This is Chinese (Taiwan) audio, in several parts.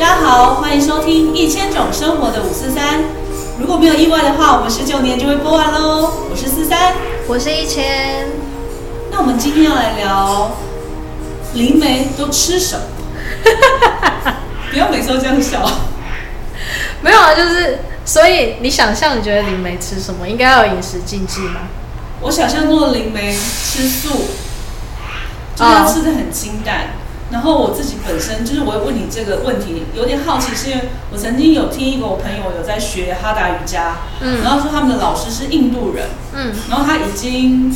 大家好，歡迎收聽一千種生活的五四三。如果沒有意外的話，我們十九年就會播完嘍。我是四三，我是一千。那我們今天要來聊靈媒都吃什麼？ 不要每次都這樣笑。 沒有啊，就是所以你想象，你覺得靈媒吃什麼？應該要有飲食禁忌嗎？我想象中的靈媒吃素，就這樣吃得很清淡。Oh. 然後我自己本身就是，我問你這個問題有點好奇，是因為我曾經有聽一個我朋友有在學哈達瑜伽，嗯，然後說他們的老師是印度人，嗯，然後他已經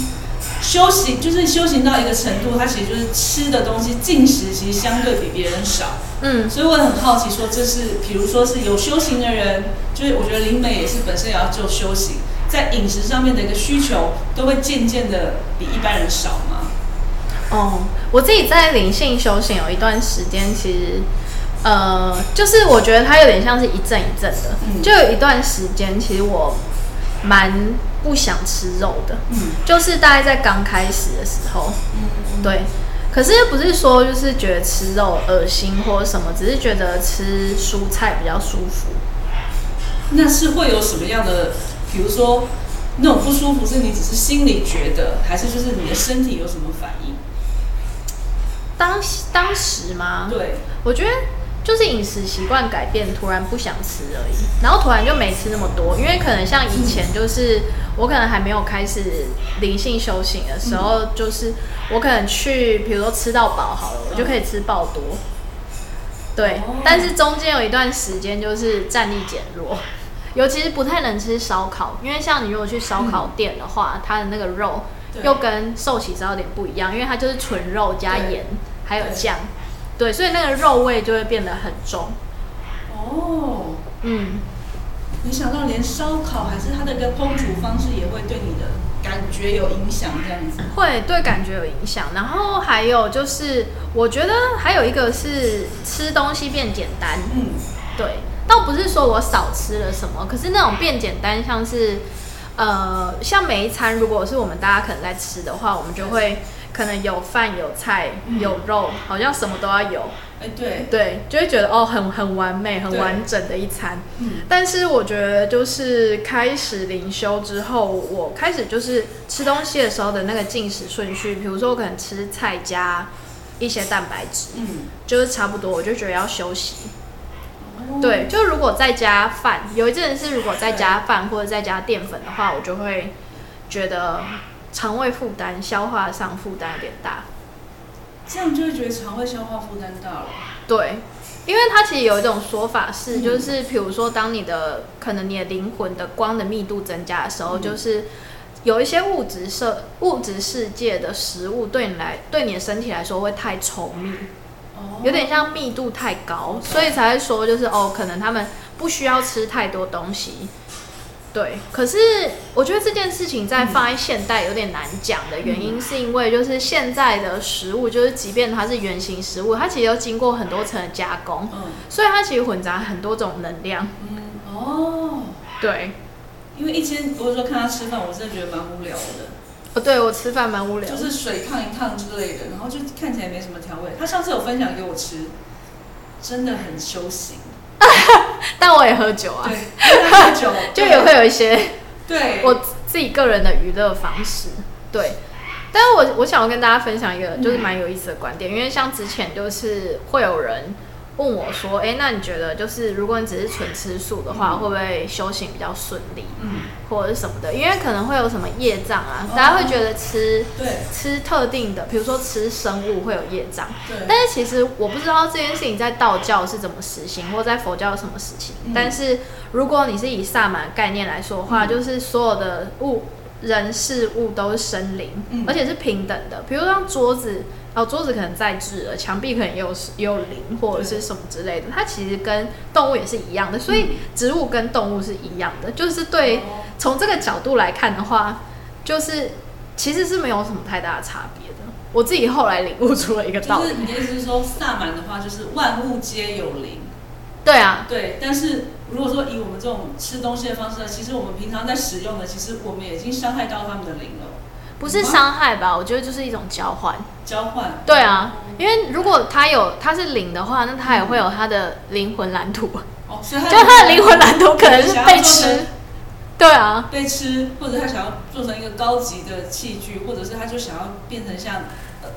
修行，就是修行到一個程度，他其實就是吃的東西、進食其實相對比別人少，嗯，所以我也很好奇，說這是，比如說是有修行的人，就是我覺得靈媒也是本身也要做修行，在飲食上面的一個需求都會漸漸的比一般人少。哦、嗯，我自己在靈性修行有一段時間，其實呃，就是我覺得它有點像是一陣一陣的。嗯、就有一段時間，其實我蠻不想吃肉的，嗯、就是大概在剛開始的時候，嗯嗯嗯對。可是又不是說就是覺得吃肉惡心或者什麼，只是覺得吃蔬菜比較舒服。那是會有什麼樣的？比如說那種不舒服，是你只是心裡覺得，還是就是你的身體有什麼反應？嗯當當時嗎？對，我覺得就是飲食習慣改變，突然不想吃而已，然後突然就沒吃那麼多，因為可能像以前，就是、嗯、我可能還沒有開始靈性修行的時候，嗯、就是我可能去，比如說吃到飽好了，我就可以吃爆多。對，嗯、但是中間有一段時間就是戰力減弱，尤其是不太能吃燒烤，因為像你如果去燒烤店的話，嗯、它的那個肉。對又跟壽喜燒有點不一樣，因為它就是純肉加鹽對還有醬，對，對，所以那個肉味就會變得很重。哦，嗯，沒想到連燒烤還是它的那個烹煮方式也會對你的感覺有影響？這樣子會對感覺有影響。然後還有就是，我覺得還有一個是吃東西變簡單。嗯，對，倒不是說我少吃了什麼，可是那種變簡單，像是。呃，像每一餐，如果是我們大家可能在吃的話，我們就會可能有飯、有菜、有肉，嗯、好像什麼都要有。哎、欸，對對，就會覺得哦，很很完美、很完整的一餐。嗯對，但是我覺得就是開始靈修之後，我開始就是吃東西的時候的那個進食順序，比如說我可能吃菜加一些蛋白質，嗯，就是差不多，我就覺得要休息。對，就如果再加飯，有一陣是如果再加飯或者再加澱粉的話，我就會覺得腸胃負擔、消化上負擔有點大。這樣就會覺得腸胃消化負擔大了。對，因為它其實有一種說法是，嗯、就是譬如說，當你的可能你的靈魂的光的密度增加的時候，嗯、就是有一些物質世物質世界的食物對你來對你的身體來說會太稠密。有點像密度太高，所以才會說就是哦，可能他們不需要吃太多東西。對，可是我覺得這件事情在放在現代有點難講的原因，是因為就是現在的食物，就是即便它是原型食物，它其實要經過很多層的加工，所以它其實混雜很多種能量。嗯，哦，對，因為以前如果說看他吃飯，我真的覺得蠻無聊的。Oh，對我吃飯蠻無聊，就是水燙一燙之類的，然後就看起來沒什麼調味。他上次有分享給我吃，真的很修行。 但我也喝酒啊，對，喝酒 就也會有一些對我自己個人的娛樂方式。對，但是我我想要跟大家分享一個就是蠻有意思的觀點，因為像之前就是會有人。問我說：“誒，那你覺得就是，如果你只是純吃素的話，嗯、哼會不會修行比較順利，嗯、哼或者是什麼的？因為可能會有什麼業障啊？哦、大家會覺得吃對吃特定的，比如說吃生物會有業障。對但是其實我不知道這件事情在道教是怎麼實行，或在佛教是什麼實行。嗯、但是如果你是以薩滿概念來說的話，嗯、就是所有的物人事物都是生靈，嗯、而且是平等的。比如像桌子。”哦，桌子可能在質了，牆壁可能也有也有靈或者是什麼之類的，對它其實跟動物也是一樣的，嗯、所以植物跟動物是一樣的，就是對，從、哦、這個角度來看的話，就是其實是沒有什麼太大的差別的。我自己後來領悟出了一個道理，就是你的意思是說，薩滿的話就是萬物皆有靈，對啊，對。但是如果說以我們這種吃東西的方式的，其實我們平常在使用的，其實我們已經傷害到他們的靈了。不是傷害吧？哇我覺得就是一種交換。交換換。對啊，因為如果他有他是靈的話，那他也會有他的靈魂藍圖。哦、嗯，所 就他的靈魂藍圖可能是被吃。對啊。被吃，或者他想要做成一個高級的器具，或者是他就想要變成像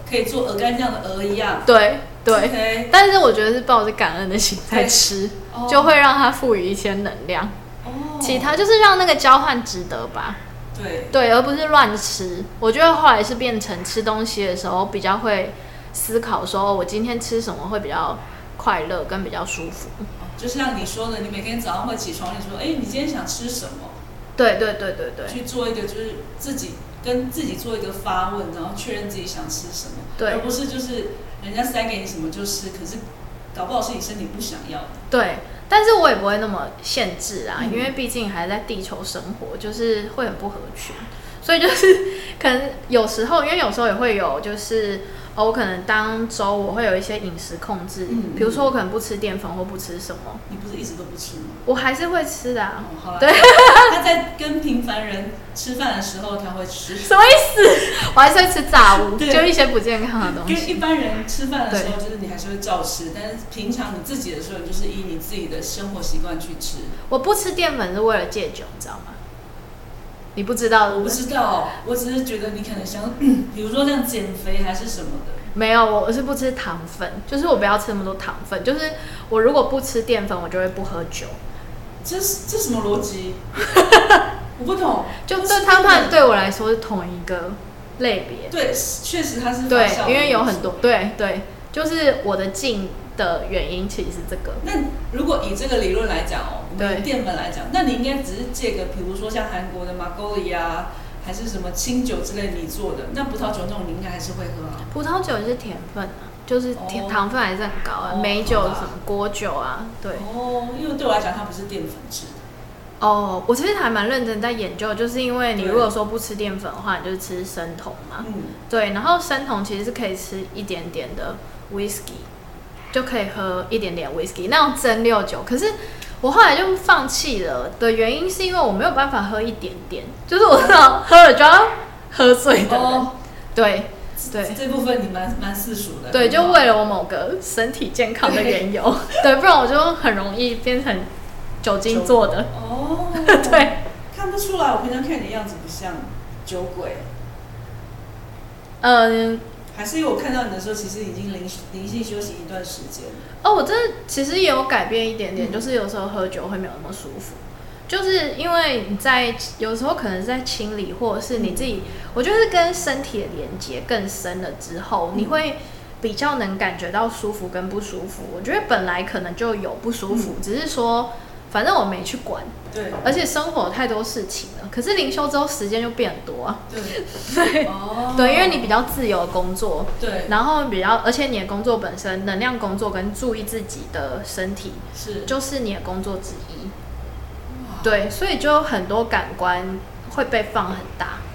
可以做鵝肝醬的鵝一樣。對對。對 Okay. 但是我覺得是抱着感恩的心態吃，Hey . oh. 就會讓他賦予一些能量。哦。Oh. 其他就是讓那個交換值得吧。對，對，而不是亂吃。我覺得後來是變成吃東西的時候比較會思考說，說我今天吃什麼會比較快樂跟比較舒服。就像你說的，你每天早上會起床，你說，哎，你今天想吃什麼？對對對對對，對對對對，去做一個就是自己跟自己做一個發問，然後確認自己想吃什麼，對，而不是就是人家塞給你什麼就吃，可是搞不好是你身體不想要。對。但是我也不會那麼限制啊，嗯、因為畢竟還在地球生活，就是會很不合群，所以就是可能有時候，因為有時候也會有就是。我可能當周我會有一些飲食控制，嗯、比如說我可能不吃澱粉或不吃什麼。你不是一直都不吃嗎？我還是會吃的、啊。哦、對， 他在跟平凡人吃飯的時候他會吃什麼。什麼意思？我還是會吃炸物， 對就一些不健康的東西。跟一般人吃飯的時候，就是你還是會照吃，對但是平常你自己的時候，就是以你自己的生活習慣去吃。我不吃澱粉是為了戒酒，你知道嗎？你不知道，我不知道，我只是覺得你可能想，比如說那樣減肥還是什麼的。 沒有，我是不吃糖分，就是我不要吃那麼多糖分，就是我如果不吃澱粉，我就會不喝酒。啊、這是這是什麼邏輯？ 我不懂。就這他們對我來說是同一個類別。對，確實它是。對，因為有很多。對對，就是我的勁的原因其實是這個。那如果以這個理論來講哦、喔，對，我們以澱粉來講，那你應該只是借個，比如說像韓國的馬格利啊，還是什麼清酒之類你做的，那葡萄酒那種你應該還是會喝啊？葡萄酒是甜分啊，就是甜、oh, 糖分還是很高啊，oh, 美酒什麼果酒啊，oh, 對。哦，oh, 因為對我來講它不是澱粉製的。哦，oh, 我其實還蠻認真在研究，就是因為你如果說不吃澱粉的話，你就吃生酮嘛。嗯對。對，然後生酮其實是可以吃一點點的 whisky。就可以喝一點點威士忌、那種蒸餾酒，可是我後來就放棄了的原因是因為我沒有辦法喝一點點，就是我知道喝了就要喝醉哦。對對這，這部分你蠻蠻世俗的。對，好就為了我某個身體健康的緣由，嘿嘿 對，不然我就很容易變成酒精做的。哦， 對，看不出來，我平常看你的樣子不像酒鬼。嗯。還是因為我看到你的時候，其實已經靈性休息一段時間了。哦，我這其實也有改變一點點，就是有時候喝酒會沒有那麼舒服，嗯、就是因為你在有時候可能在清理，或者是你自己，嗯、我覺得是跟身體的連接更深了之後，嗯、你會比較能感覺到舒服跟不舒服。我覺得本來可能就有不舒服，嗯、只是說。反正我沒去管，對，而且生活有太多事情了。可是靈修之後時間就變很多啊，對， 對，oh、對，因為你比較自由的工作，對，然後比較，而且你的工作本身能量工作跟注意自己的身體是，就是你的工作之一，Wow 對，所以就很多感官會被放很大。嗯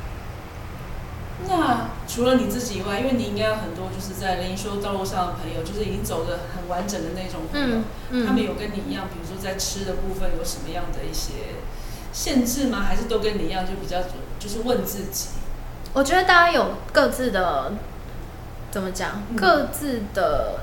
那除了你自己以外，因為你應該有很多就是在靈修道路上的朋友，就是已經走得很完整的那種朋友。嗯嗯、他們有跟你一樣，比如說在吃的部分有什麼樣的一些限制嗎？還是都跟你一樣，就比較就是問自己？我覺得大家有各自的怎麼講，各自的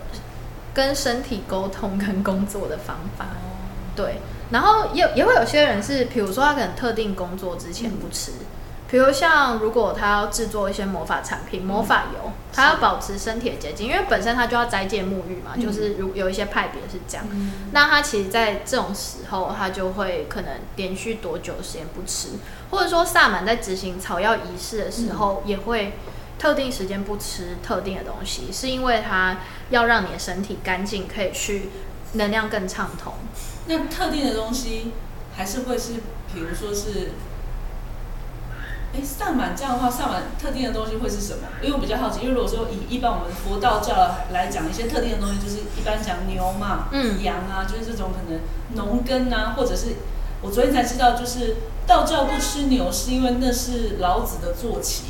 跟身體溝通跟工作的方法。嗯、對，然後也也會有些人是，比如說他可能特定工作之前不吃。嗯比如像，如果他要製作一些魔法產品，魔法油，嗯、他要保持身體的潔淨，因為本身他就要齋戒沐浴嘛，嗯、就是如有一些派別是這樣。嗯、那他其實，在這種時候，他就會可能連續多久的時間不吃，或者說薩滿在執行草藥儀式的時候，嗯、也會特定時間不吃特定的東西，是因為他要讓你的身體乾淨，可以去能量更暢通。那特定的東西還是會是，比如說是。哎，薩滿、欸、這樣的話，薩滿特定的東西會是什麼？因為我比較好奇，因為如果說以一般我們佛道教來講一些特定的東西，就是一般講牛嘛、嗯、羊啊，就是這種可能農耕啊，嗯、或者是我昨天才知道，就是道教不吃牛，是因為那是老子的坐騎、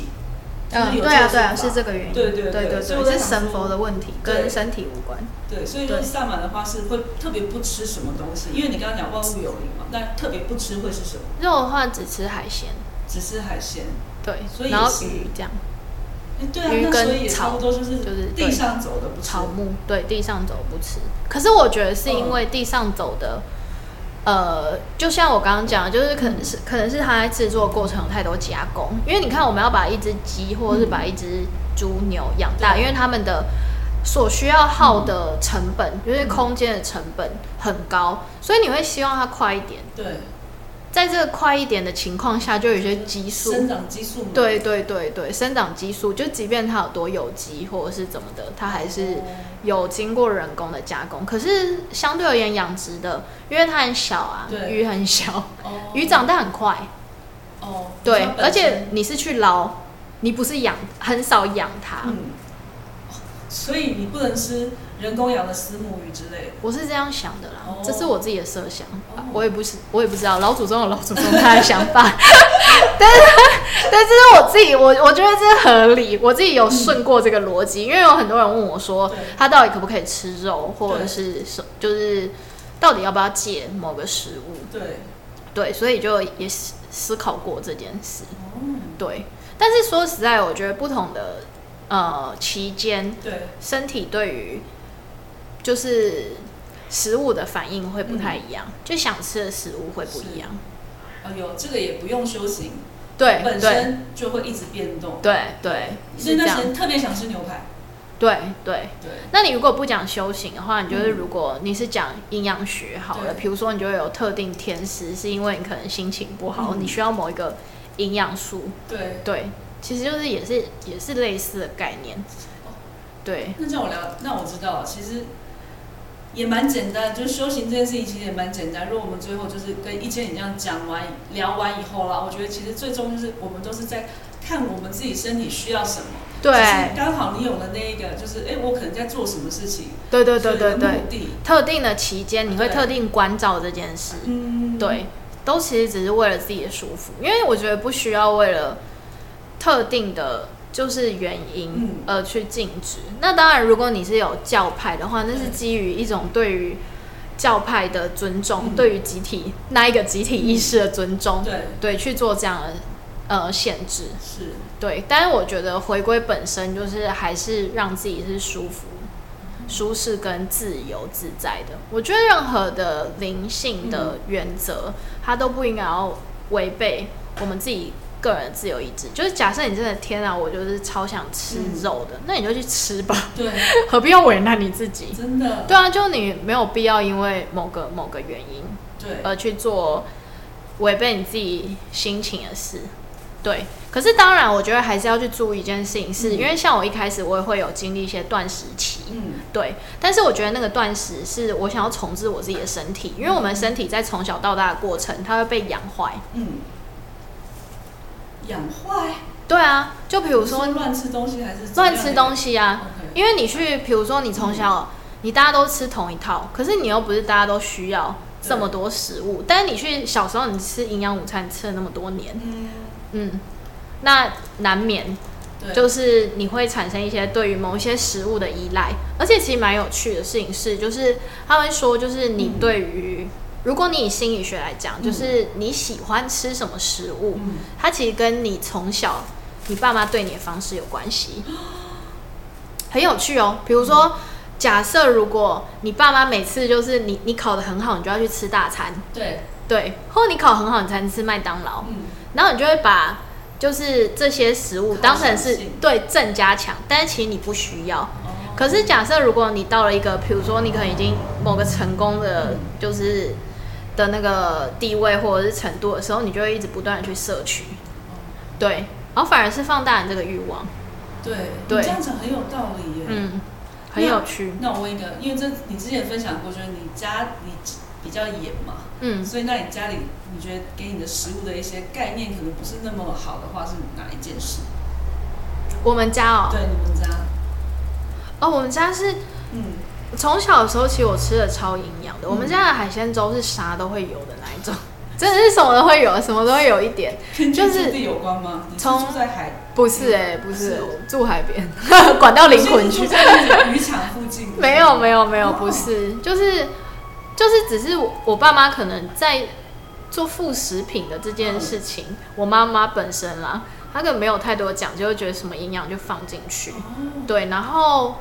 嗯哦。對啊，對啊，是這個原因。對對對對對，就是神佛的問題，對跟身體無關。對,對，所以說薩滿的話是會特別不吃什麼東西，對對因為你剛剛講萬物有靈嘛，那特別不吃會是什麼？肉的話只吃海鮮。只吃海鮮，對，然後魚這樣，哎，對啊，魚跟草，就是就是地上走的不吃，草木，對，地上走不吃。可是我覺得是因為地上走的，呃，呃，就像我剛剛講的，就是可能是、嗯、可能是它在製作過程有太多加工。因為你看，我們要把一隻雞或者是把一隻豬牛養大，嗯，因為他們的所需要耗的成本，嗯，就是空間的成本很高，嗯，所以你會希望它快一點，對。在這個快一點的情況下，就有些激素，生長激素。對對對對，生長激素，就即便它，有多有機或者是怎麼的，它還是有經過人工的加工。可是相對而言，養殖的，因為它很小啊，對魚很小，哦、魚長得很快。哦，對，而且你是去撈，你不是養，很少養它。嗯所以你不能吃人工養的虱目魚之類的，我是這樣想的啦，這是我自己的設想，我也不，我也不知道老祖宗有老祖宗他的想法， 但是，但是我自己我我覺得這是合理，我自己有順過這個邏輯，因為有很多人問我說他到底可不可以吃肉，或者是什，就是到底要不要戒某個食物，對，對，所以就也思考過這件事，對，但是說實在，我覺得不同的。呃，期間，對身體對於就是食物的反應會不太一樣，嗯、就想吃的食物會不一樣。呃，有、哎、這個也不用修行，對，本身就會一直變動。對對，所以那些特別想吃牛排。對對對，對對，那你如果不講修行的話，你就是如果你是講營養學好了，對，比如說你就有特定甜食，是因為你可能心情不好，嗯、你需要某一個營養素。對對。對其實就是也是也是類似的概念，對。那叫我聊，那我知道，其實也蠻簡單，就是修行這件事情其實也蠻簡單。如果我們最後就是跟一千也這樣講完聊完以後啦，我覺得其實最終就是我們都是在看我們自己身體需要什麼。對。剛好你有了那一個，就是哎、欸，我可能在做什麼事情？對對對對對，對對對。特定的期間，你會特定關照這件事。對嗯，嗯，嗯。對，都其實只是為了自己的舒服，因為我覺得不需要為了。特定的，就是原因，而去禁止。嗯、那當然，如果你是有教派的話，那是基於一種對於教派的尊重，嗯、對於集體那一個集體意識的尊重，對對，去做這樣的呃限制。是，對。但是我覺得回歸本身就是還是讓自己是舒服、舒適跟自由自在的。我覺得任何的靈性的原則，嗯、它都不應該要違背我們自己。個人自由意志，就是假設你真的天啊，我就是超想吃肉的，嗯、那你就去吃吧，對，何必要為難你自己？真的，對啊，就你沒有必要因為某個某個原因，對，而去做違背你自己心情的事，對,對。可是當然，我覺得還是要去注意一件事情是，是、嗯、因為像我一開始我也會有經歷一些斷食期，嗯，對。但是我覺得那個斷食是我想要重置我自己的身體，嗯、因為我們身體在從小到大的過程，它會被養壞，嗯。壞？對啊，就比如說亂吃東西還是亂吃東西啊，因為你去，比如說你從小，嗯、你大家都吃同一套，可是你又不是大家都需要這麼多食物，對但是你去小時候你吃營養午餐吃了那麼多年，對嗯，那難免就是你會產生一些對於某一些食物的依賴，而且其實蠻有趣的事情是，就是他們說就是你對於、嗯。如果你以心理學來講，嗯、就是你喜歡吃什麼食物，嗯、它其實跟你從小你爸媽對你的方式有關係，很有趣哦。比如說，假設如果你爸媽每次就是你你考得很好，你就要去吃大餐，對對，或者你考得很好，你才能吃麥當勞，嗯、然後你就會把就是這些食物當成是對正加強，但是其實你不需要。Okay. 可是假設如果你到了一個，比如說你可能已經某個成功的，就是。的那個地位或者是程度的時候，你就會一直不斷的去攝取，哦、對，然後反而是放大你這個慾望。對，你這樣子很有道理耶，嗯，很有趣那。那我問一個，因為這你之前分享過，就是你家你比較野嘛，嗯，所以那你家裡你覺得給你的食物的一些概念可能不是那麼好的話，是哪一件事？我們家哦，對，你們家？哦，我們家是，嗯。從小的時候，其實我吃的超營養的。我們家的海鮮粥是啥都會有的那一種，嗯、真的是什麼都會有，什麼都會有一點。就是有關嗎？從從住在海，不是哎，不是、欸、不是，是住海邊， 管到靈魂去。漁場附近？ 沒有沒有沒有，不是，哦、哎、就是就是只是我我爸媽可能在做副食品的這件事情，哦、我媽媽本身啦，她可能沒有太多講究，覺得什麼營養就放進去。哦、對，然後。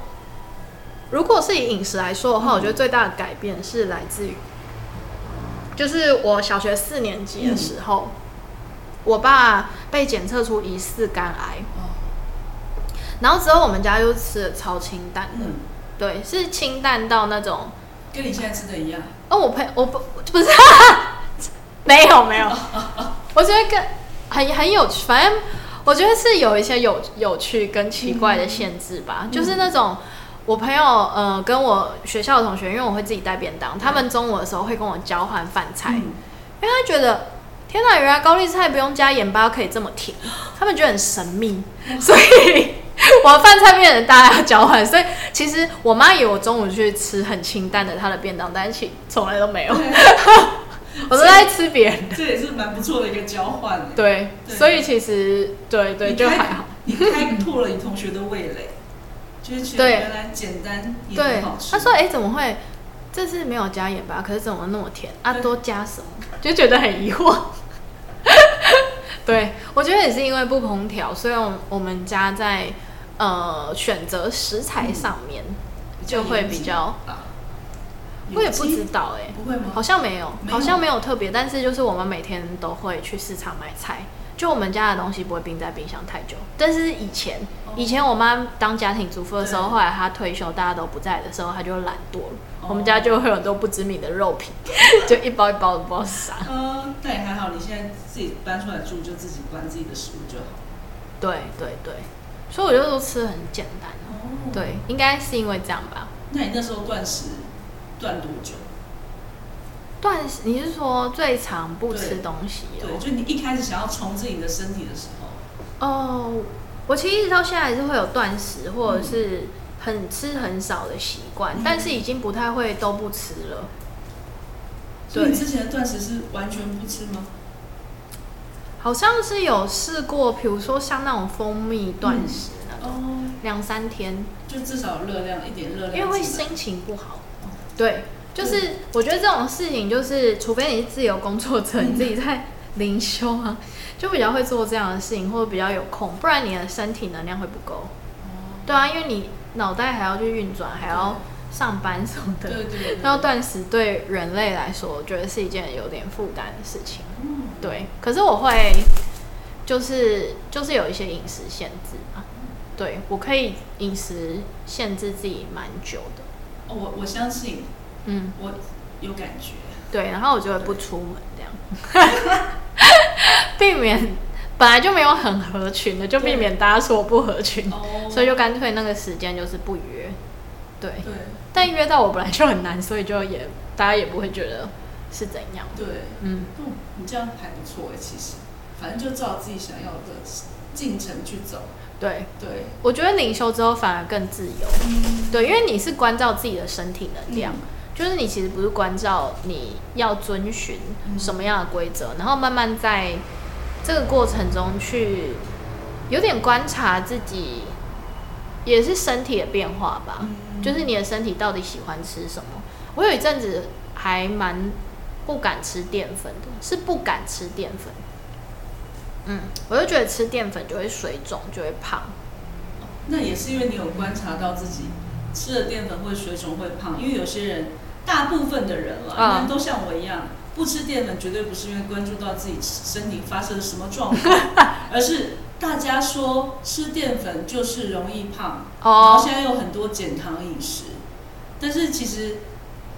如果是以飲食來說的話，我覺得最大的改變是來自於，就是我小學四年級的時候，我爸被檢測出疑似肝癌，然後之後我們家又吃的超清淡的，嗯，對，是清淡到那種，跟你現在吃的一樣。哦，我朋我不不是，沒有沒有，沒有 我覺得跟很很有趣，反正我覺得是有一些有有趣跟奇怪的限制吧，嗯、就是那種。嗯我朋友呃跟我學校的同學，因為我會自己帶便當，對他們中午的時候會跟我交換飯菜。嗯、因為他覺得，天哪，啊，原來高麗菜不用加鹽巴可以這麼甜，他們覺得很神秘，所以我的飯菜變成大家要交換，所以其實我媽也有中午去吃很清淡的她的便當，但是從來都沒有，對 我都在吃別人的，這也是蠻不錯的一個交換。對，對所以其實對對，對看就還好，你開拓了你同學的味蕾。 對，簡單也好吃。對，他說：“哎、欸，怎麼會？這次沒有加鹽吧？可是怎麼那麼甜啊？多加什麼？就覺得很疑惑。 ”對，我覺得也是因為不空調，所以我們家在呃選擇食材上面、嗯、就會比較。我也不知道哎、欸，不會嗎？好像沒有，沒有好像沒有特別，但是就是我們每天都會去市場買菜。就我們家的東西不會冰在冰箱太久，但是以前以前我媽當家庭主婦的時候，對啊，後來她退休，大家都不在的時候，她就懶惰了，哦、我們家就會有很多不知名的肉品，哦、 就一包一包的不知道啥。嗯、呃，對，還好你現在自己搬出來住，就自己管自己的食物就好。對對對，所以我覺得都吃的很簡單，啊。哦、對，應該是因為這樣吧？那你那時候斷食斷多久？斷食？你是說最常不吃東西對？對，就你一開始想要重置你的身體的時候。哦，oh, 我其實一直到現在還是會有斷食或者是很吃很少的習慣，嗯、但是已經不太會都不吃了。嗯、對，所以你之前的斷食是完全不吃嗎？好像是有試過，比如說像那種蜂蜜斷食那種，嗯 oh, 兩三天就至少有熱量一點熱量，因為會心情不好。Oh. 對。就是我覺得這種事情，就是除非你是自由工作者，你自己在靈修啊，就比較會做這樣的事情，或者比較有空，不然你的身體能量會不夠。哦，對啊，因為你腦袋還要去運轉，對還要上班什麼的。對對對。然後斷食，對人類來說，我覺得是一件有點負擔的事情。嗯，對。可是我會，就是就是有一些飲食限制嘛，啊。對我可以飲食限制自己蠻久的。哦，我我相信。嗯，我有感覺。對，然後我就會不出門這樣，對 避免本來就沒有很合群的，就避免大家說不合群，對所以就乾脆那個時間就是不約。對，對但約到我本來就很難，所以就也大家也不會覺得是怎樣的。對，嗯,嗯，你這樣還不錯、欸、其實，反正就照自己想要的進程去走。對對，對我覺得靈修之後反而更自由。嗯、對，因為你是關照自己的身體能量。嗯就是你其實不是關照你要遵循什麼樣的規則，然後慢慢在這個過程中去有點觀察自己，也是身體的變化吧。就是你的身體到底喜歡吃什麼？我有一陣子還蠻不敢吃澱粉的，是不敢吃澱粉。嗯，我就覺得吃澱粉就會水腫，就會胖。那也是因為你有觀察到自己吃了澱粉會水腫、會胖，因為有些人。大部分的人了，人都像我一樣不吃澱粉，絕對不是因為關注到自己身體發生了什麼狀況，而是大家說吃澱粉就是容易胖，oh. 然後現在有很多減糖飲食，但是其實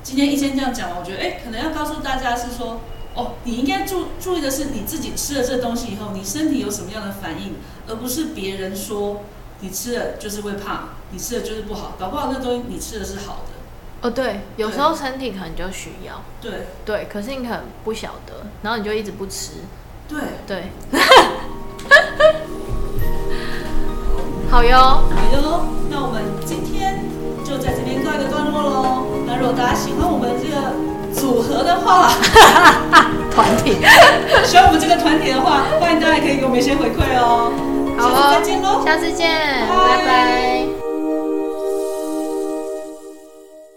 今天一先這樣講，我覺得哎，可能要告訴大家是說，哦，你應該注注意的是你自己吃了這東西以後，你身體有什麼樣的反應，而不是別人說你吃了就是會胖，你吃了就是不好，搞不好那東西你吃的是好的。哦、oh, 對，有時候身體可能就需要。對對，對，可是你可能不曉得，然後你就一直不吃。對對。好喲對 好喲，好喲，那我們今天就在這邊告一個段落嘍。那如果大家喜歡我們這個組合的話， 團體 喜歡我們這個團體的話，歡迎大家可以給我們一些回饋哦。好嘍、哦、下次見，拜拜。